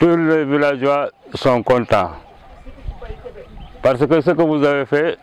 Tous les villageois sont contents parce que ce que vous avez fait,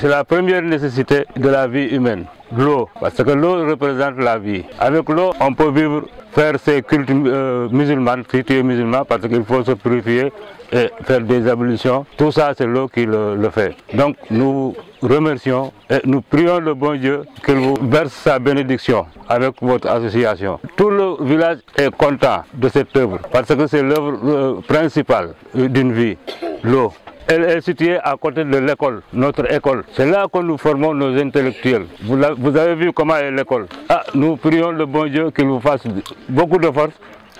c'est la première nécessité de la vie humaine, l'eau, parce que l'eau représente la vie. Avec l'eau, on peut vivre, faire ses cultes euh, musulmans, parce qu'il faut se purifier et faire des ablutions. Tout ça, c'est l'eau qui le, fait. Donc, nous remercions et nous prions le bon Dieu qu'il vous verse sa bénédiction avec votre association. Tout le village est content de cette œuvre, parce que c'est l'œuvre euh, principale euh, d'une vie, l'eau. Elle est située à côté de l'école, notre école. C'est là que nous formons nos intellectuels. Vous, avez vu comment est l'école. Ah, nous prions le bon Dieu qu'il vous fasse beaucoup de force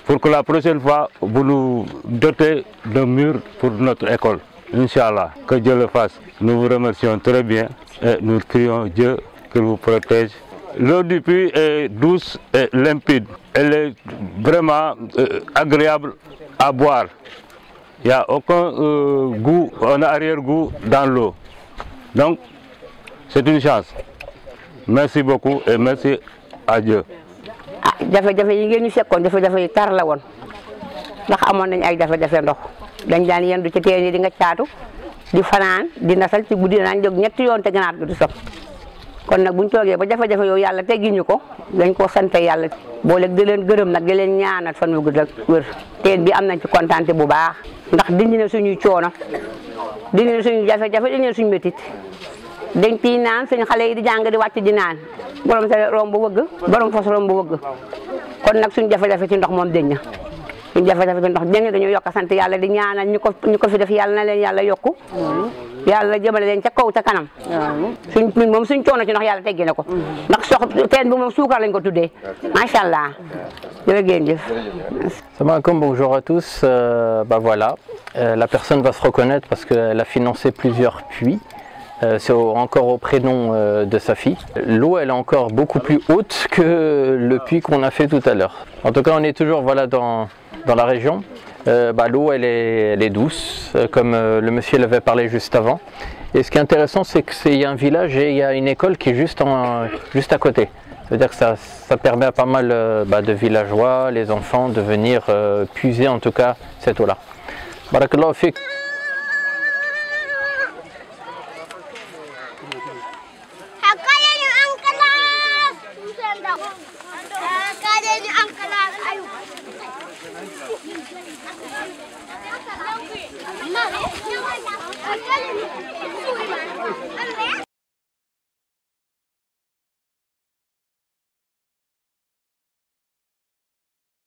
pour que la prochaine fois, vous nous dotiez de mur pour notre école. Inch'Allah, que Dieu le fasse. Nous vous remercions très bien et nous prions Dieu qu'il vous protège. L'eau du puits est douce et limpide. Elle est vraiment euh, agréable à boire. Il n'y a aucun euh, goût, un arrière-goût dans l'eau. Donc, c'est une chance. Merci beaucoup et merci à Dieu. Ah, jafe-jafe yi ngeen ñu fekkoon jafe-jafe yi tar la woon ndax amoon nañ ay jafe-jafe ndox dañ daan yendu ci teen yi di nga caatu di fanaan di nasal ci guddi naan jóg ñetti yoon te ganaat gi du sob kon nag buñ toogee ba jafe-jafe yooyu yàlla teggiñu ko dañ ko sante yàlla booleeg di leen gërëm nag di leen ñaanal fan wu gudd ak wér bi am nañ ci kontaante bu baax ndax dindi na suñuy coono dindi na suñuy jafe-jafe dindi na suñu métit dañ ciy naan suñ xale yi di jàng di wàcc di naan borom sa romb wëgg borom fas romb wëgg kon nag suñu jafe-jafe ci ndox moom deñ na ñun jafe-jafe bi ndox nga dañuy yok sant yalla di ñaanal ñu ko ñu ko fi def yalla na leen yalla yokku yalla jëmale leen ca kaw ca kanam suñ min mom suñ coono ci ndox yalla teggé nako ndax sox teen bu mom suukar lañ ko tuddee macha allah jërëjëf sama alaikum, bonjour à tous euh, bah voilà euh, la personne va se reconnaître parce qu'elle a financé plusieurs puits euh, c'est encore au prénom euh, de sa fille. L'eau, elle est encore beaucoup plus haute que le puits qu'on a fait tout à l'heure. En tout cas, on est toujours voilà, dans, dans la région, euh, bah, l'eau elle est, douce, euh, comme euh, le monsieur l'avait parlé juste avant. Et ce qui est intéressant, c'est qu'il y a un village et il y a une école qui est juste, en, juste à côté. cest dire que ça, ça, permet à pas mal bah, de villageois, les enfants, de venir puiser en tout cas cette eau-là. Спасибо.